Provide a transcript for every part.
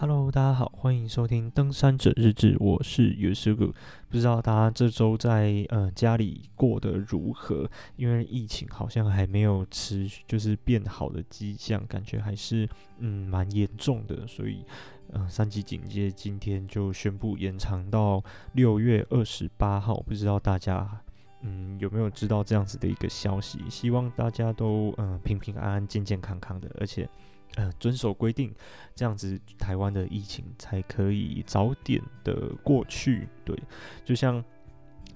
Hello，大家好，歡迎收聽《登山者日誌》，我是 Yosugo。不知道大家這周在呃家裡過得如何？因為疫情好像還沒有持續，就是變好的跡象，感覺還是嗯蠻嚴重的，所以嗯、呃，三級警戒今天就宣布延長到六月二十八號。不知道大家嗯有沒有知道這樣子的一個消息？希望大家都嗯、呃、平平安安、健健康康的，而且。呃，遵守規定，這樣子台灣的疫情才可以早點的過去。對，就像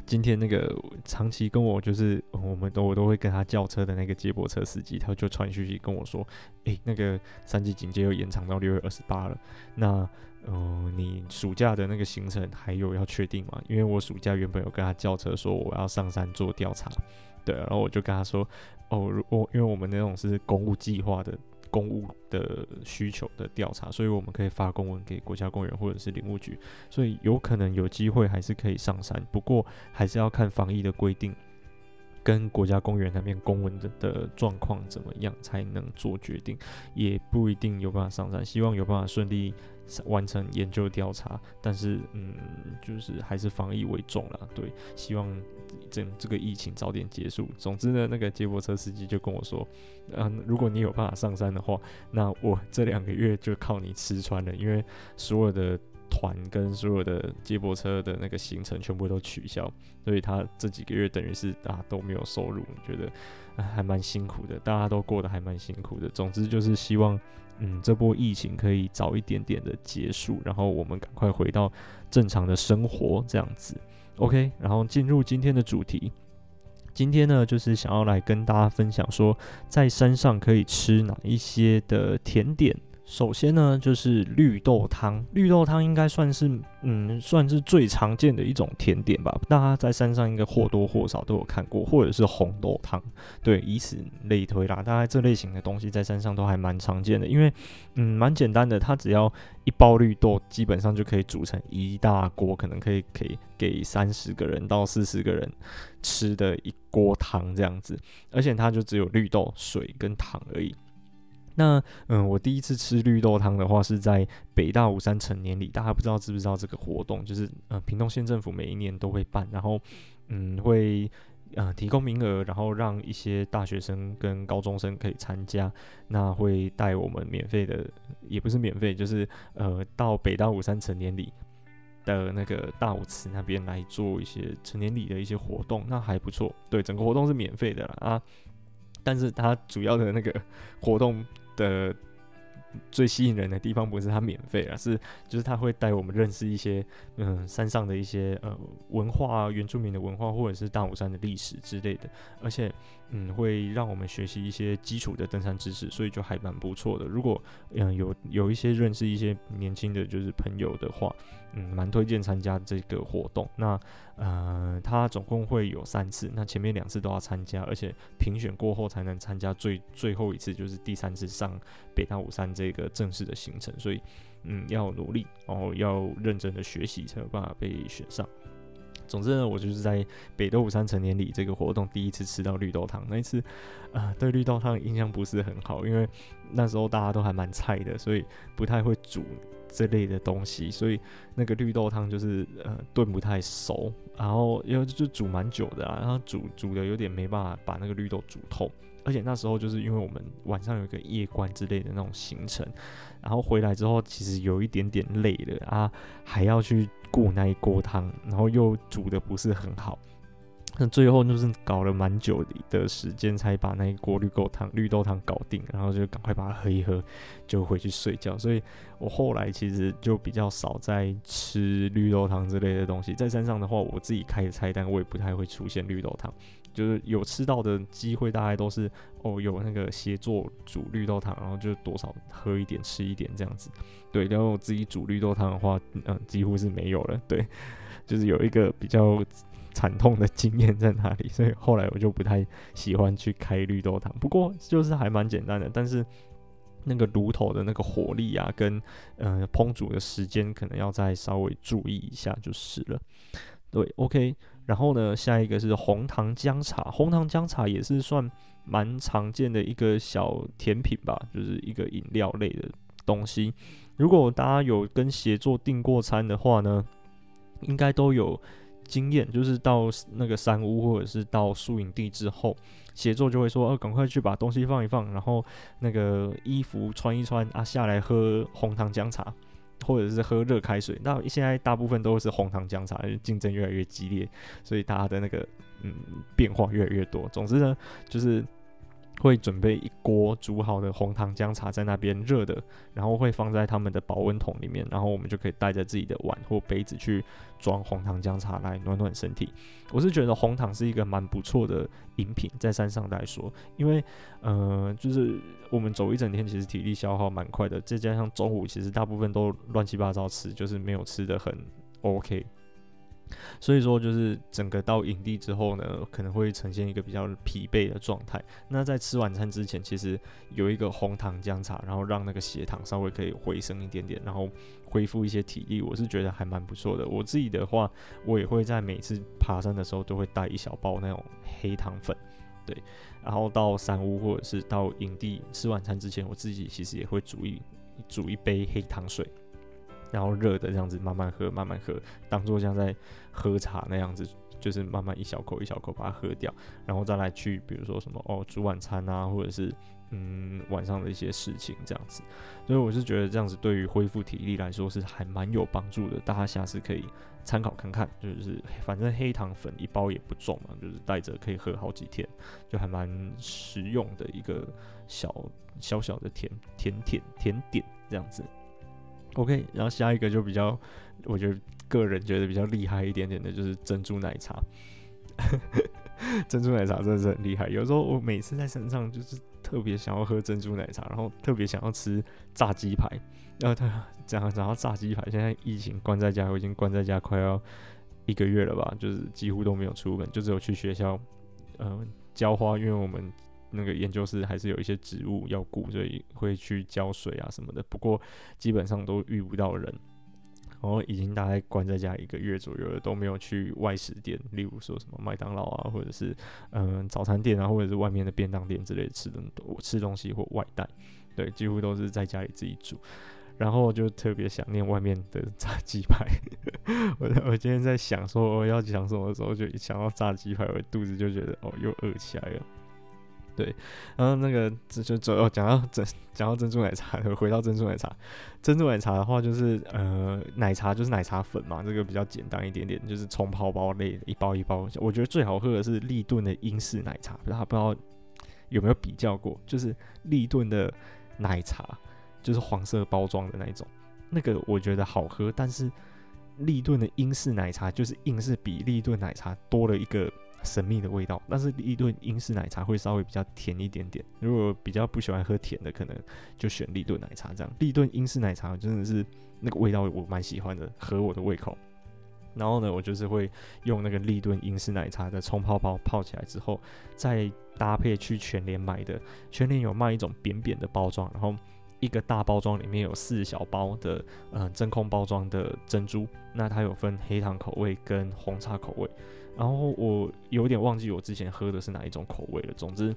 今天那個長期跟我就是我們都我都會跟他叫車的那個接駁車司機，他就傳訊息跟我說：“誒、欸，那個三級警戒又延長到六月二十八了。”那，嗯、呃，你暑假的那個行程還有要確定嗎？因為我暑假原本有跟他叫車說我要上山做調查，對、啊，然後我就跟他說：“哦，如果因為我們那種是公務計劃的。”公務的需求的調查，所以我們可以發公文給國家公園或者是林務局，所以有可能有機會還是可以上山，不過還是要看防疫的規定跟國家公園那邊公文的的狀況怎麼樣才能做決定，也不一定有辦法上山，希望有辦法順利。完成研究調查，但是嗯，就是還是防疫為重啦。對，希望這這個疫情早點結束。總之呢，那個接駁車司機就跟我說，嗯、啊，如果你有辦法上山的話，那我這兩個月就靠你吃穿了，因為所有的團跟所有的接駁車的那個行程全部都取消，所以他這幾個月等於是啊都沒有收入，我覺得還蠻辛苦的，大家都過得還蠻辛苦的。總之就是希望。嗯，這波疫情可以早一點點的結束，然後我們趕快回到正常的生活這樣子。OK，然後進入今天的主題。今天呢，就是想要來跟大家分享說，在山上可以吃哪一些的甜點。首先呢，就是綠豆湯。綠豆湯應該算是，嗯，算是最常見的一種甜點吧。大家在山上應該或多或少都有看過，或者是紅豆湯，對，以此類推啦。大概這類型的東西在山上都還蠻常見的，因為，嗯，蠻簡單的。它只要一包綠豆，基本上就可以煮成一大鍋，可能可以可以給三十個人到四十個人吃的一鍋湯這樣子。而且它就只有綠豆、水跟糖而已。那嗯，我第一次吃綠豆湯的話，是在北大武山成年禮，大家不知道知不知道這個活動？就是呃，屏東縣政府每一年都會辦，然後嗯，會呃提供名額，然後讓一些大學生跟高中生可以參加。那會帶我們免費的，也不是免費，就是呃，到北大武山成年禮的那個大武祠，那邊來做一些成年禮的一些活動，那還不錯。對，整個活動是免費的啦啊，但是它主要的那個活動的最吸引人的地方不是他免費，而是就是他會帶我們認識一些嗯山上的一些呃、嗯、文化，原住民的文化，或者是大武山的歷史之類的，而且。嗯，會讓我們學習一些基礎的登山知識，所以就還蠻不錯的。如果嗯有有一些認識一些年輕的就是朋友的話，嗯，蠻推薦參加這個活動。那嗯，他、呃、總共會有三次，那前面兩次都要參加，而且評選過後才能參加最最後一次，就是第三次上北大武山這個正式的行程。所以嗯，要努力，然後要認真的學習，才有辦法被選上。總之呢，我就是在北大武山成年禮這個活動第一次吃到綠豆湯。那一次，呃，對綠豆湯印象不是很好，因為那時候大家都還蠻菜的，所以不太會煮這類的東西，所以那個綠豆湯就是呃燉不太熟，然後又就煮蠻久的啊，然後煮煮的有點沒辦法把那個綠豆煮透，而且那時候就是因為我們晚上有一個夜觀之類的那種行程，然後回來之後其實有一點點累了啊，還要去。顧那一鍋湯，然後又煮得不是很好，那最後就是搞了蠻久的時間，才把那一鍋綠豆湯、綠豆湯搞定，然後就趕快把它喝一喝，就回去睡覺。所以我後來其實就比較少在吃綠豆湯之類的東西，在山上的話，我自己開的菜單，我也不太會出現綠豆湯。就是有吃到的機會，大概都是哦，有那個協作煮綠豆湯，然後就多少喝一點、吃一點這樣子。對，然後我自己煮綠豆湯的話，嗯，幾乎是沒有了。對，就是有一個比較慘痛的經驗在那裡，所以後來我就不太喜歡去開綠豆湯。不過就是還蠻簡單的，但是那個爐頭的那個火力啊，跟呃烹煮的時間，可能要再稍微注意一下就是了。對，OK。然後呢，下一個是紅糖薑茶。紅糖薑茶也是算蠻常見的一個小甜品吧，就是一個飲料類的東西。如果大家有跟協作訂過餐的話呢，應該都有經驗，就是到那個山屋或者是到宿營地之後，協作就會說：“哦、啊，趕快去把東西放一放，然後那個衣服穿一穿啊，下來喝紅糖薑茶。”或者是喝熱開水，那現在大部分都是紅糖薑茶，競爭越來越激烈，所以它的那個嗯變化越來越多。總之呢，就是。會準備一鍋煮好的紅糖薑茶在那邊熱的，然後會放在他們的保溫桶裡面，然後我們就可以帶着自己的碗或杯子去裝紅糖薑茶來暖暖身體。我是覺得紅糖是一個蠻不錯的飲品，在山上來說，因為嗯、呃，就是我們走一整天其實體力消耗蠻快的，再加上中午其實大部分都亂七八糟吃，就是沒有吃的很 OK。所以說，就是整個到營地之後呢，可能會呈現一個比較疲憊的狀態。那在吃晚餐之前，其實有一個紅糖薑茶，然後讓那個血糖稍微可以回升一點點，然後恢復一些體力，我是覺得還蠻不錯的。我自己的話，我也會在每次爬山的時候都會帶一小包那種黑糖粉，對，然後到山屋或者是到營地吃晚餐之前，我自己其實也會煮一煮一杯黑糖水。然後熱的這樣子慢慢喝，慢慢喝，當做像在喝茶那樣子，就是慢慢一小口一小口把它喝掉，然後再來去比如說什麼哦煮晚餐啊，或者是嗯晚上的一些事情這樣子。所以我是覺得這樣子對於恢復體力來說是還蠻有幫助的，大家下次可以參考看看。就是反正黑糖粉一包也不重嘛，就是帶着可以喝好幾天，就還蠻實用的一個小小小的甜甜甜甜點這樣子。OK，然後下一個就比較，我覺得個人覺得比較厲害一點點的就是珍珠奶茶， 珍珠奶茶真的是很厲害。有時候我每次在山上就是特別想要喝珍珠奶茶，然後特別想要吃炸雞排，然後他講講到炸雞排。現在疫情關在家，我已經關在家快要一個月了吧，就是幾乎都沒有出門，就只有去學校，嗯、呃，澆花，因為我們。那個研究室還是有一些植物要顧，所以會去澆水啊什麼的。不過基本上都遇不到人，然後，哦，已經大概關在家一個月左右了，都沒有去外食店，例如說什麼麥當勞啊，或者是嗯，早餐店啊，或者是外面的便當店之類的吃東西。吃東西或外帶，對，幾乎都是在家裡自己煮。然後就特別想念外面的炸雞排。 我我今天在想說我，哦，要講什麼的時候，就一想到炸雞排，我肚子就覺得哦又餓起來了。對，然後那個這就就、哦、講到講到珍珠奶茶，回到珍珠奶茶。珍珠奶茶的話，就是呃，奶茶就是奶茶粉嘛，這個比較簡單一點點，就是沖泡包類的一包一包。我覺得最好喝的是立頓的英式奶茶，不知道不知道有沒有比較過，就是立頓的奶茶，就是黃色包裝的那一種，那個我覺得好喝。但是立頓的英式奶茶就是硬是比立頓奶茶多了一個。神秘的味道，但是立頓英式奶茶會稍微比較甜一點點。如果比較不喜歡喝甜的，可能就選立頓奶茶這樣。立頓英式奶茶真的是那個味道，我蠻喜歡的，合我的胃口。然後呢，我就是會用那個立頓英式奶茶的沖泡，泡泡泡起來之後，再搭配去全聯買的，全聯有賣一種扁扁的包裝，然後一個大包裝裡面有四小包的呃真空包裝的珍珠。那它有分黑糖口味跟紅茶口味。然後我有點忘記我之前喝的是哪一種口味了。總之，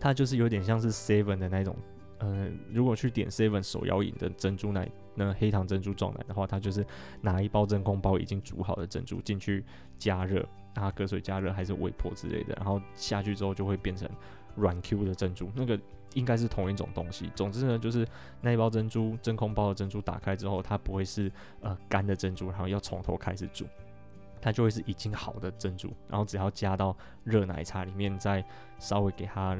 它就是有點像是 seven 的那種。嗯、呃，如果去點 seven 手搖飲的珍珠奶，那黑糖珍珠撞奶的話，它就是拿一包真空包已經煮好的珍珠進去加熱，它隔水加熱還是微波之類的，然後下去之後就會變成軟 Q 的珍珠。那個應該是同一種東西。總之呢，就是那一包珍珠真空包的珍珠打開之後，它不會是呃乾的珍珠，然後要從頭開始煮。它就會是已經好的珍珠，然後只要加到熱奶茶裡面，再稍微給它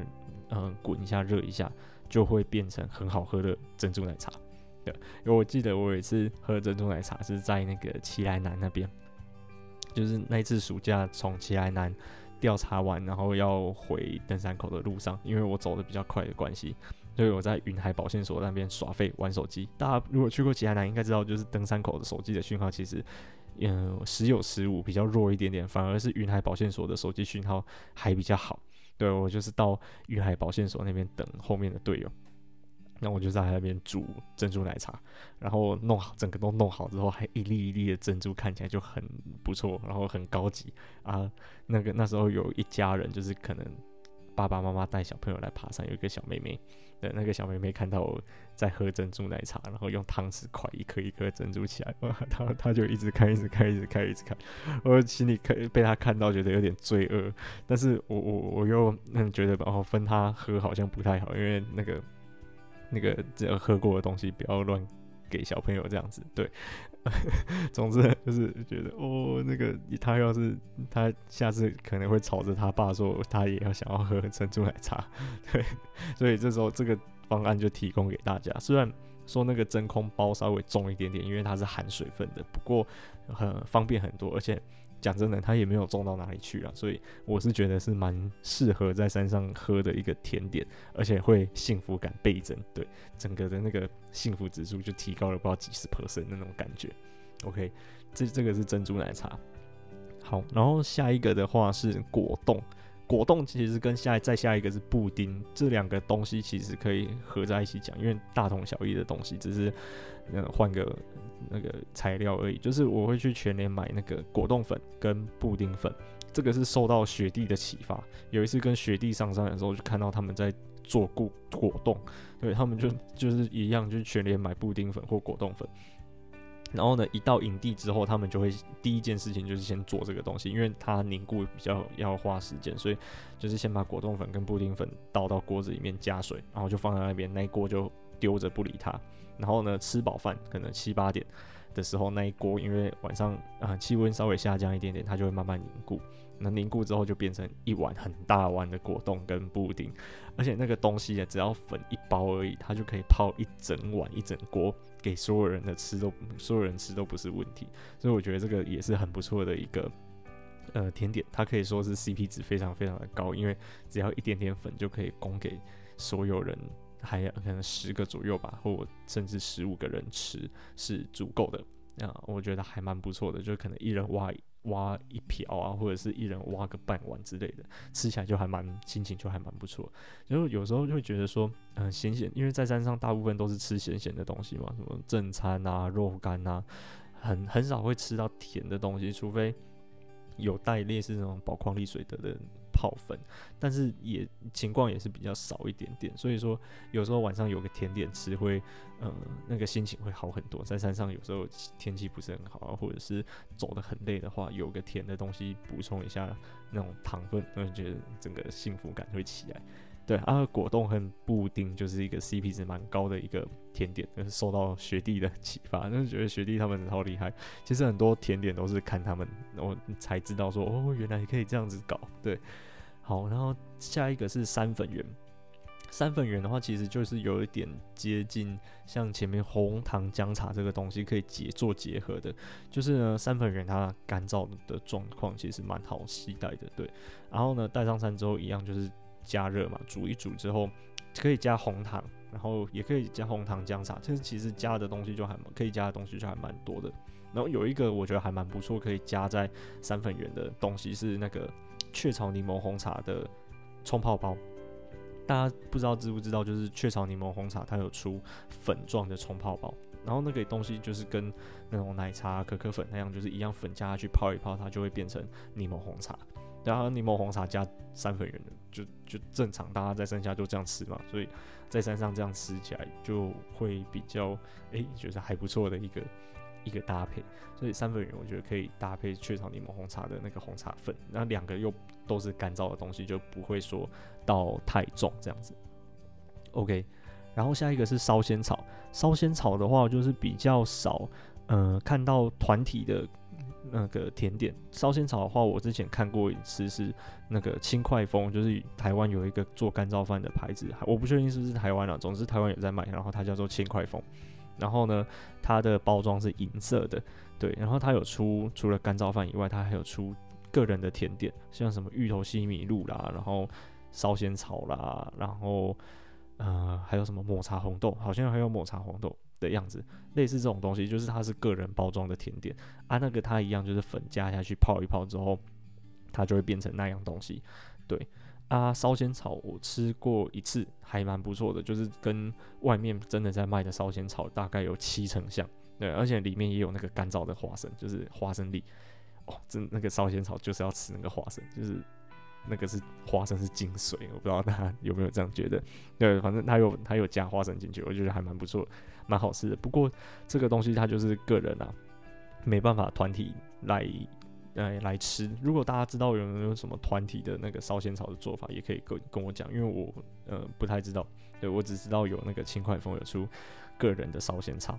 嗯滾一下、熱一下，就會變成很好喝的珍珠奶茶。對，因為我記得我有一次喝珍珠奶茶是在那個奇萊南那邊，就是那一次暑假從奇萊南調查完，然後要回登山口的路上，因為我走得比較快的關係，所以我在雲海保線所那邊耍廢玩手機。大家如果去過奇萊南，應該知道就是登山口的手機的訊號其實。嗯，時有時無，比較弱一點點，反而是雲海保線所的手機訊號還比較好。對，我就是到雲海保線所那邊等後面的隊友，那我就在那邊煮珍珠奶茶，然後弄好，整個都弄好之後，還一粒一粒的珍珠，看起來就很不錯，然後很高級啊。那個那時候有一家人，就是可能爸爸媽媽帶小朋友來爬山，有一個小妹妹。對，那個小妹妹看到我在喝珍珠奶茶，然後用湯匙塊一顆一顆珍珠起來，哇，她她就一直看一直看一直看一直看，我心裡可被她看到覺得有點罪惡，但是我我我又嗯，覺得吧，然後分她喝好像不太好，因為那個那個只要喝過的東西不要亂給小朋友這樣子，對。 總之就是覺得哦，那個他要是他下次可能會吵着他爸說他也要想要喝珍珠奶茶，對，所以這時候這個方案就提供給大家。雖然說那個真空包稍微重一點點，因為它是含水分的，不過很方便很多，而且。講真的，它也沒有重到哪裡去啊，所以我是覺得是蠻適合在山上喝的一個甜點，而且會幸福感倍增，對，整個的那個幸福指數就提高了不知道幾十 percent 那種感覺。OK，這這個是珍珠奶茶，好，然後下一個的話是果凍，果凍其實跟下再下一個是布丁，這兩個東西其實可以合在一起講，因為大同小異的東西，只是嗯換個。那個材料而已，就是我會去全聯買那個果凍粉跟布丁粉，這個是受到雪地的啟發。有一次跟雪地上山的時候，就看到他們在做固果凍，對，他們就就是一樣，就全聯買布丁粉或果凍粉。然後呢，一到營地之後，他們就會第一件事情就是先做這個東西，因為它凝固比較要花時間，所以就是先把果凍粉跟布丁粉倒到鍋子裡面加水，然後就放在那邊，那鍋就丟着不理它。然後呢，吃飽飯可能七八點的時候，那一鍋，因為晚上啊，呃，氣溫稍微下降一點點，它就會慢慢凝固。那凝固之後就變成一碗很大碗的果凍跟布丁，而且那個東西也只要粉一包而已，它就可以泡一整碗一整鍋，給所有人的吃都所有人吃都不是問題。所以我覺得這個也是很不錯的一個呃甜點，它可以說是 CP 值非常非常的高，因為只要一點點粉就可以供給所有人。還可能十個左右吧，或甚至十五個人吃是足夠的那、啊、我覺得還蠻不錯的。就可能一人挖挖一瓢啊，或者是一人挖個半碗之類的，吃起來就還蠻心情就還蠻不錯。然後有時候就會覺得說，很鹹鹹，因為在山上大部分都是吃鹹鹹的東西嘛，什麼正餐啊、肉乾啊，很很少會吃到甜的東西，除非有帶獵是那種寶礦力水得的人。泡粉，但是也情況也是比較少一點點，所以說有時候晚上有個甜點吃會，嗯、呃、那個心情會好很多。在山上有時候天氣不是很好啊，或者是走得很累的話，有個甜的東西補充一下那種糖分，那就覺得整個幸福感會起來。對啊，果凍和布丁就是一個 CP 值蠻高的一個甜點，就是受到學弟的啟發，就是覺得學弟他們超厲害。其實很多甜點都是看他們，我才知道說哦，原來可以這樣子搞。對，好，然後下一個是山粉圓。山粉圓的話，其實就是有一點接近像前面紅糖薑茶這個東西可以結做結合的，就是呢，山粉圓它乾燥的狀況其實蠻好攜帶的。對，然後呢，帶上山之後一樣就是。加熱嘛，煮一煮之後可以加紅糖，然後也可以加紅糖薑茶。這其實加的東西就還蠻可以加的東西就還蠻多的。然後有一個我覺得還蠻不錯，可以加在山粉圓的東西是那個雀巢檸檬紅茶的沖泡包。大家不知道知不知道，就是雀巢檸檬紅茶它有出粉狀的沖泡包，然後那個東西就是跟那種奶茶可可粉那樣，就是一樣粉加下去泡一泡，它就會變成檸檬紅茶。然後檸檬紅茶加山粉圓的就就正常，大家在山下就這樣吃嘛，所以在山上這樣吃起來就會比較哎、欸，覺得還不錯的一個一個搭配。所以山粉圓我覺得可以搭配雀巢檸檬紅茶的那個紅茶粉，那兩個又都是乾燥的東西，就不會說到太重這樣子。OK，然後下一個是燒仙草，燒仙草的話就是比較少，嗯、呃，看到團體的。那個甜點燒仙草的話，我之前看過一次是那個輕快風，就是台灣有一個做乾燥飯的牌子，我不確定是不是台灣的，啊，總之台灣有在賣，然後它叫做輕快風，然後呢，它的包裝是銀色的，對，然後它有出除了乾燥飯以外，它還有出個人的甜點，像什麼芋頭西米露啦，然後燒仙草啦，然後嗯、呃，還有什麼抹茶紅豆，好像還有抹茶紅豆。的樣子，類似這種東西，就是它是個人包裝的甜點啊，那個它一樣，就是粉加下去泡一泡之後，它就會變成那樣東西。對啊，燒仙草我吃過一次，還蠻不錯的，就是跟外面真的在賣的燒仙草大概有七成像，對，而且裡面也有那個乾燥的花生，就是花生粒。哦，真那個燒仙草就是要吃那個花生，就是。那個是花生是精髓，我不知道大家有沒有這樣覺得。對，反正他有他有加花生進去，我覺得還蠻不錯，蠻好吃的。不過這個東西它就是個人啊，沒辦法團體來來、呃、來吃。如果大家知道有沒有什麼團體的那個燒仙草的做法，也可以跟跟我講，因為我呃不太知道。對，我只知道有那個輕快風有出個人的燒仙草。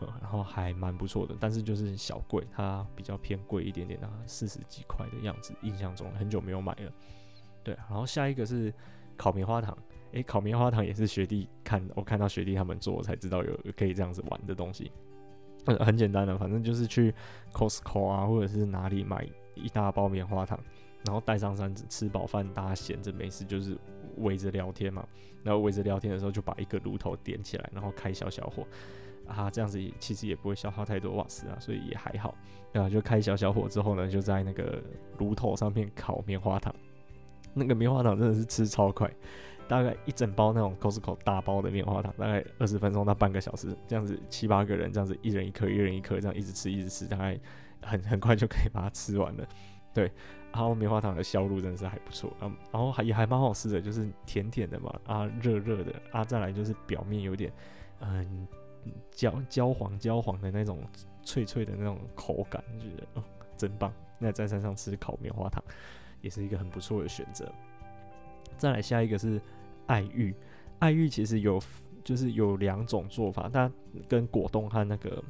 嗯、然後還蠻不錯的，但是就是小貴，它比較偏貴一點點，啊，四十幾塊的樣子。印象中很久沒有買了。對，然後下一個是烤棉花糖。誒，烤棉花糖也是學弟看我看到學弟他們做才知道有，有可以這樣子玩的東西。嗯、很簡單的，反正就是去 Costco 啊，或者是哪裡買一大包棉花糖，然後帶上山子，吃飽飯大家閒着沒事就是圍着聊天嘛。然後圍着聊天的時候就把一個爐頭點起來，然後開小小火。啊，這樣子也其實也不會消耗太多瓦斯啊，所以也還好。對啊，就開小小火之後呢，就在那個爐頭上面烤棉花糖。那個棉花糖真的是吃超快，大概一整包那種 Costco 大包的棉花糖，大概二十分鐘到半個小時，這樣子七八個人這樣子一一，一人一顆，一人一顆，這樣一直吃一直吃，大概很很快就可以把它吃完了。對，然後棉花糖的銷路真的是還不錯，然後還也還蠻好吃的，就是甜甜的嘛，啊，熱熱的，啊，再來就是表面有點，嗯。焦焦黃焦黃的那種，脆脆的那種口感，就覺得哦、嗯，真棒。那在山上吃烤棉花糖，也是一個很不錯的選擇。再來下一個是愛玉，愛玉其實有就是有兩種做法，它跟果凍和那個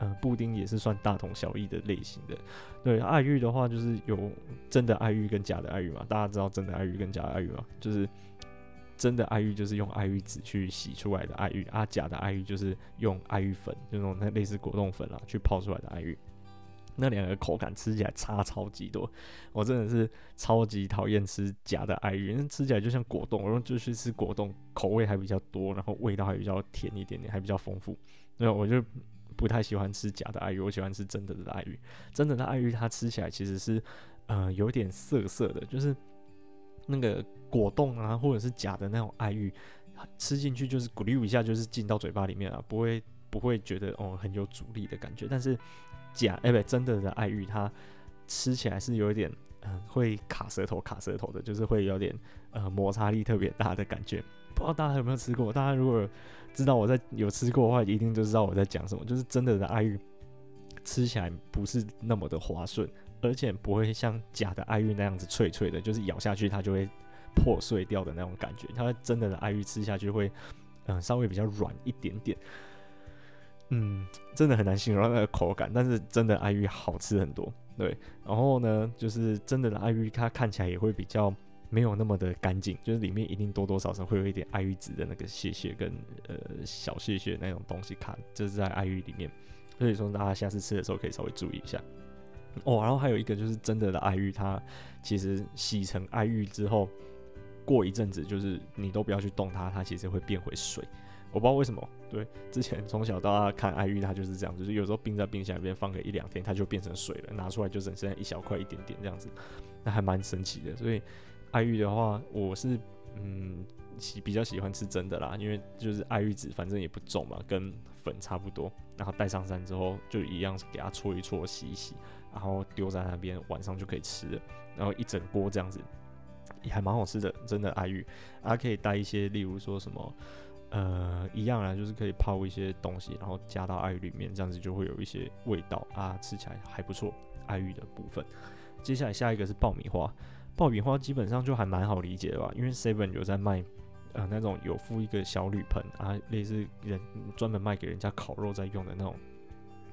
嗯、呃、布丁也是算大同小異的類型的。對，愛玉的話就是有真的愛玉跟假的愛玉嘛，大家知道真的愛玉跟假的愛玉嘛，就是。真的愛玉就是用愛玉籽去洗出來的愛玉，啊，假的愛玉就是用愛玉粉，那種那類似果凍粉啊，去泡出來的愛玉。那兩個口感吃起來差超級多，我真的是超級討厭吃假的愛玉，因為吃起來就像果凍，我用就去吃果凍，口味還比較多，然後味道還比較甜一點點，還比較豐富。那我就不太喜歡吃假的愛玉，我喜歡吃真的的愛玉。真的的愛玉它吃起來其實是，嗯、呃，有點澀澀的，就是那個。果凍啊，或者是假的那種愛玉，吃進去就是咕嚕一下，就是進到嘴巴裡面啊，不會不會覺得哦、嗯、很有阻力的感覺。但是假哎、欸、不真的的愛玉，它吃起來是有一點嗯、呃、會卡舌頭卡舌頭的，就是會有點呃摩擦力特別大的感覺。不知道大家有沒有吃過？大家如果知道我在有吃過的話，一定就知道我在講什麼。就是真的的愛玉吃起來不是那麼的滑順，而且不會像假的愛玉那樣子脆脆的，就是咬下去它就會。破碎掉的那種感覺，它真的的愛玉吃下去會，嗯、呃，稍微比較軟一點點，嗯，真的很難形容那個口感，但是真的愛玉好吃很多。對，然後呢，就是真的的愛玉，它看起來也會比較沒有那麼的乾淨，就是裡面一定多多少少會有一點愛玉子的那個屑屑跟呃小屑屑那種東西卡，看就是在愛玉裡面，所以說大家下次吃的時候可以稍微注意一下。哦，然後還有一個就是真的的愛玉，它其實洗成愛玉之後。過一陣子，就是你都不要去動它，它其實會變回水。我不知道為什麼。對，之前從小到大看愛玉，它就是這樣子，就是有時候冰在冰箱裡面放個一兩天，它就變成水了，拿出來就只剩下一小塊一點點這樣子，那還蠻神奇的。所以愛玉的話，我是嗯喜比較喜歡吃真的啦，因為就是愛玉籽反正也不重嘛，跟粉差不多。然後帶上山之後，就一樣給它搓一搓洗一洗，然後丟在那邊，晚上就可以吃了。然後一整鍋這樣子。也還蠻好吃的，真的愛玉還，啊，可以帶一些，例如說什麼，呃，一樣啊，就是可以泡一些東西，然後加到愛玉裡面，這樣子就會有一些味道啊，吃起來還不錯。愛玉的部分，接下來下一個是爆米花，爆米花基本上就還蠻好理解的吧，因為 Seven 有在賣，呃，那種有附一個小鋁盆啊，類似人專門賣給人家烤肉在用的那種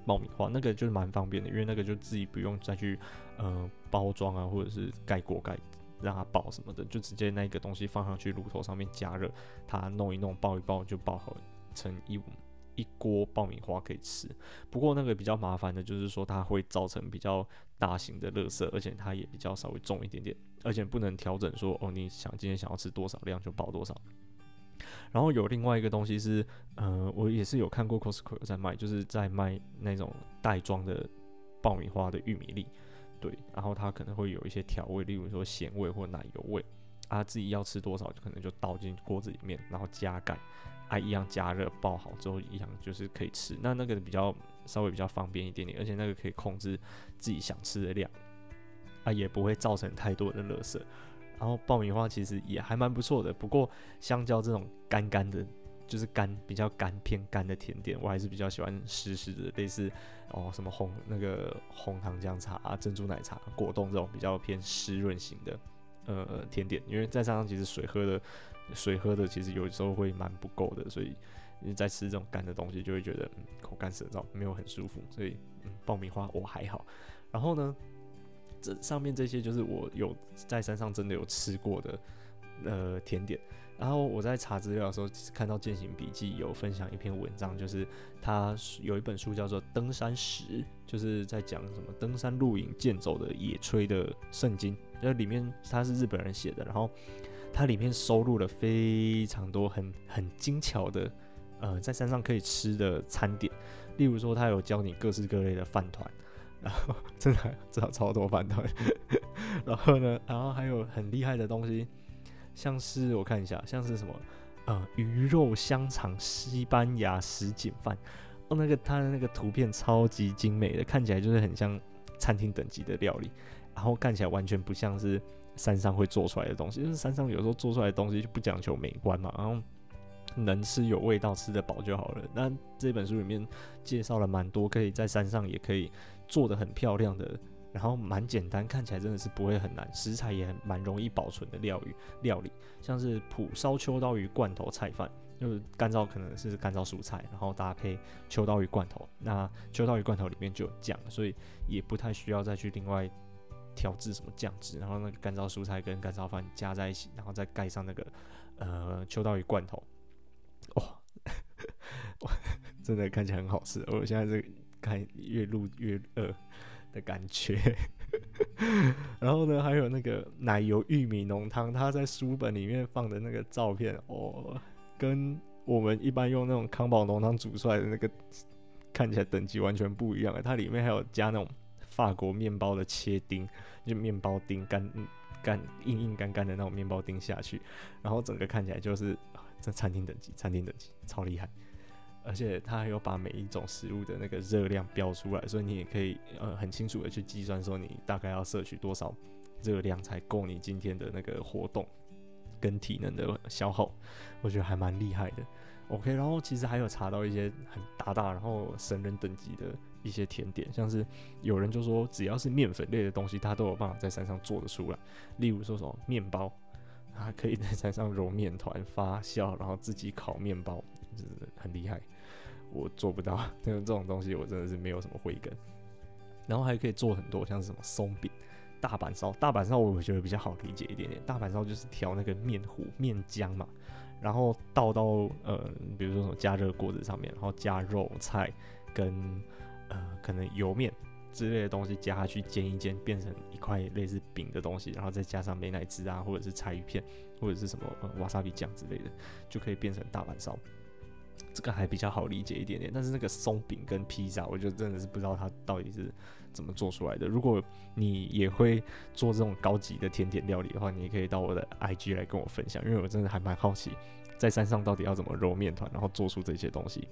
爆米花，那個就是蠻方便的，因為那個就自己不用再去呃包裝啊，或者是蓋鍋蓋。讓它爆什麼的，就直接那個東西放上去，爐頭上面加熱，它弄一弄，爆一爆，就爆好了，成一一一鍋爆米花可以吃。不過那個比較麻煩的，就是說它會造成比較大型的垃圾，而且它也比較稍微重一點點，而且不能調整說，說哦你想今天想要吃多少量就爆多少。然後有另外一個東西是，呃，我也是有看過 Costco 在賣，就是在賣那種袋裝的爆米花的玉米粒。然後它可能會有一些調味，例如說鹹味或奶油味，啊，自己要吃多少就可能就倒進鍋子裡面，然後加蓋，啊，一樣加熱爆好之後一樣就是可以吃。那那個比較稍微比較方便一點點，而且那個可以控制自己想吃的量，啊，也不會造成太多的垃圾。然後爆米花其實也還蠻不錯的，不過香蕉這種乾干的。就是乾比較乾偏乾的甜點，我還是比較喜歡濕濕的，類似哦什麼紅那個紅糖薑茶、啊、珍珠奶茶、果凍這種比較偏濕潤型的呃甜點。因為在山上其實水喝的水喝的其實有時候會蠻不夠的，所以你在吃這種乾的東西就會覺得、嗯、口乾舌燥，沒有很舒服。所以、嗯、爆米花我還好。然後呢，這上面這些就是我有在山上真的有吃過的呃甜點。然後我在查資料的時候看到健行筆記有分享一篇文章，就是他有一本書叫做《登山食》，就是在講什麼登山露營、健走的野炊的聖經。那、就是、裡面他是日本人寫的，然後它裡面收錄了非常多很很精巧的呃在山上可以吃的餐點，例如說他有教你各式各類的飯糰，然後真的真的超多飯糰。 然後呢，然後還有很厲害的東西。像是我看一下，像是什麼，呃、嗯，魚肉香腸、西班牙什錦飯，哦，那個它的那個圖片超級精美的，看起來就是很像餐廳等級的料理，然後看起來完全不像是山上會做出來的東西，就是山上有時候做出來的東西就不講求美觀嘛，然後能吃有味道，吃得飽就好了。那這本書裡面介紹了蠻多可以在山上也可以做得很漂亮的。然後蠻簡單，看起來真的是不會很難，食材也蠻容易保存的料理料理，像是蒲燒秋刀魚罐頭菜飯。就是乾燥可能是乾燥蔬菜，然後搭配秋刀魚罐頭，那秋刀魚罐頭裡面就有醬，所以也不太需要再去另外調製什麼醬汁，然後那個乾燥蔬菜跟乾燥飯加在一起，然後再蓋上那個呃秋刀魚罐頭，哇、哦， 真的看起來很好吃，我現在是看越錄越餓的感覺， 然後呢，還有那個奶油玉米濃湯，他在書本裡面放的那個照片哦，跟我們一般用那種康寶濃湯煮出來的那個看起來等級完全不一樣的，它裡面還有加那種法國麵包的切丁，就麵包丁乾乾硬硬乾乾的那種麵包丁下去，然後整個看起來就是、啊，這餐廳等級，餐廳等級超厲害。而且它還有把每一種食物的那個熱量標出來，所以你也可以呃很清楚的去計算說你大概要攝取多少熱量才夠你今天的那個活動跟體能的消耗，我覺得還蠻厲害的。OK，然後其實還有查到一些很大大然後神人等級的一些甜點，像是有人就說只要是麵粉類的東西，它都有辦法在山上做得出來。例如說什麼麵包，它可以在山上揉麵團發酵，然後自己烤麵包，就是很厲害。我做不到，這這種東西我真的是沒有什麼慧根。然後還可以做很多，像是什麼鬆餅、大阪燒、大阪燒，我覺得比較好理解一點點。大阪燒就是調那個麵糊、麵漿嘛，然後倒到呃，比如說什麼加熱鍋子上面，然後加肉菜跟呃可能油麵之類的東西加下去煎一煎，變成一塊類似餅的東西，然後再加上美乃滋啊，或者是柴魚片，或者是什麼瓦薩比醬之類的，就可以變成大阪燒。這個還比較好理解一點點，但是那個鬆餅跟披薩，我就真的是不知道它到底是怎麼做出來的。如果你也會做這種高級的甜點料理的話，你也可以到我的 IG 來跟我分享，因為我真的還蠻好奇，在山上到底要怎麼揉麵糰，然後做出這些東西，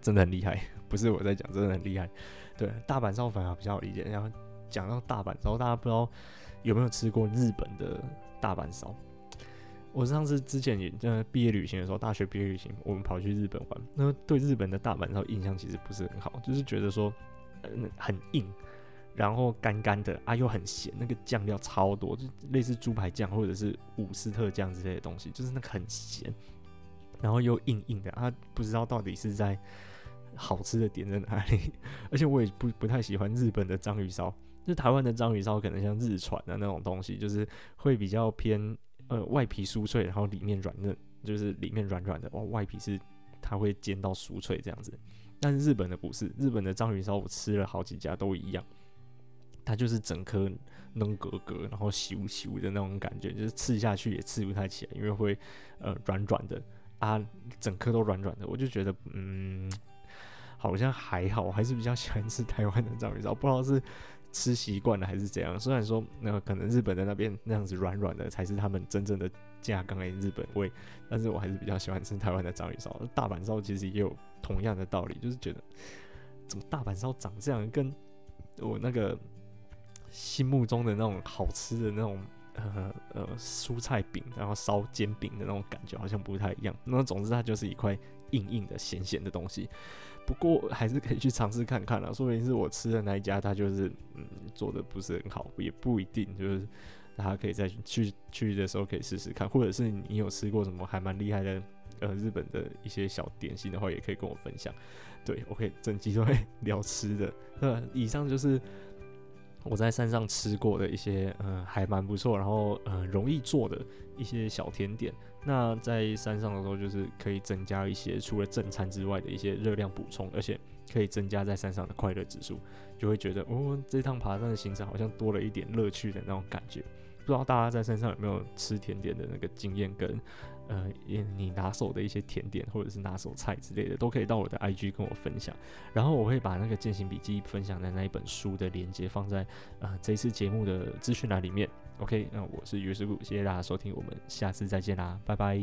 真的很厲害，不是我在講，真的很厲害。對，大阪燒反而比較好理解。然後講到大阪燒，大家不知道有沒有吃過日本的大阪燒？我上次之前也在畢業旅行的時候，大學畢業旅行，我們跑去日本玩。那對日本的大阪燒印象其實不是很好，就是覺得說，很硬，然後乾乾的啊，又很鹹，那個醬料超多，就類似豬排醬或者是伍斯特醬之類的東西，就是那個很鹹，然後又硬硬的啊，不知道到底是在好吃的點在哪裡。而且我也不不太喜歡日本的章魚燒，就台灣的章魚燒可能像日傳的那種東西，就是會比較偏。呃，外皮酥脆，然後裡面軟嫩，就是裡面軟軟的、哦、外皮是它會煎到酥脆這樣子。但是日本的不是，日本的章魚燒我吃了好幾家都一樣，它就是整顆弄格格，然後起霧的那種感覺，就是吃下去也吃不太起來，因為會呃軟軟的啊，整顆都軟軟的，我就覺得嗯好像還好，我還是比較喜歡吃台灣的章魚燒，不知道是。吃習慣了還是怎樣？雖然說，那個、可能日本的那邊那樣子軟軟的才是他們真正的家剛誒日本味，但是我還是比較喜歡吃台灣的章魚燒。大阪燒其實也有同樣的道理，就是覺得怎麼大阪燒長這樣，跟我那個心目中的那種好吃的那種呃，呃蔬菜餅，然後燒煎餅的那種感覺好像不太一樣。那總之，它就是一塊硬硬的鹹咸的東西。不過還是可以去嘗試看看了、啊，說不定是我吃的那一家，他就是嗯做的不是很好，也不一定就是大家可以再去去的時候可以試試看，或者是你有吃過什麼還蠻厲害的呃日本的一些小點心的話，也可以跟我分享。對，我可以整集都會聊吃的。那、嗯、以上就是我在山上吃過的一些嗯、呃、還蠻不錯，然後嗯、呃、容易做的一些小甜點。那在山上的時候，就是可以增加一些除了正餐之外的一些熱量補充，而且可以增加在山上的快樂指數，就會覺得哦，這趟爬山的行程好像多了一點樂趣的那種感覺。不知道大家在山上有沒有吃甜點的那個經驗，跟呃，你拿手的一些甜點或者是拿手菜之類的，都可以到我的 IG 跟我分享，然後我會把那個健行筆記分享的那一本書的鏈接放在呃這一次節目的資訊欄裡面。OK，那我是於師傅，謝謝大家收聽，我們下次再見啦，拜拜。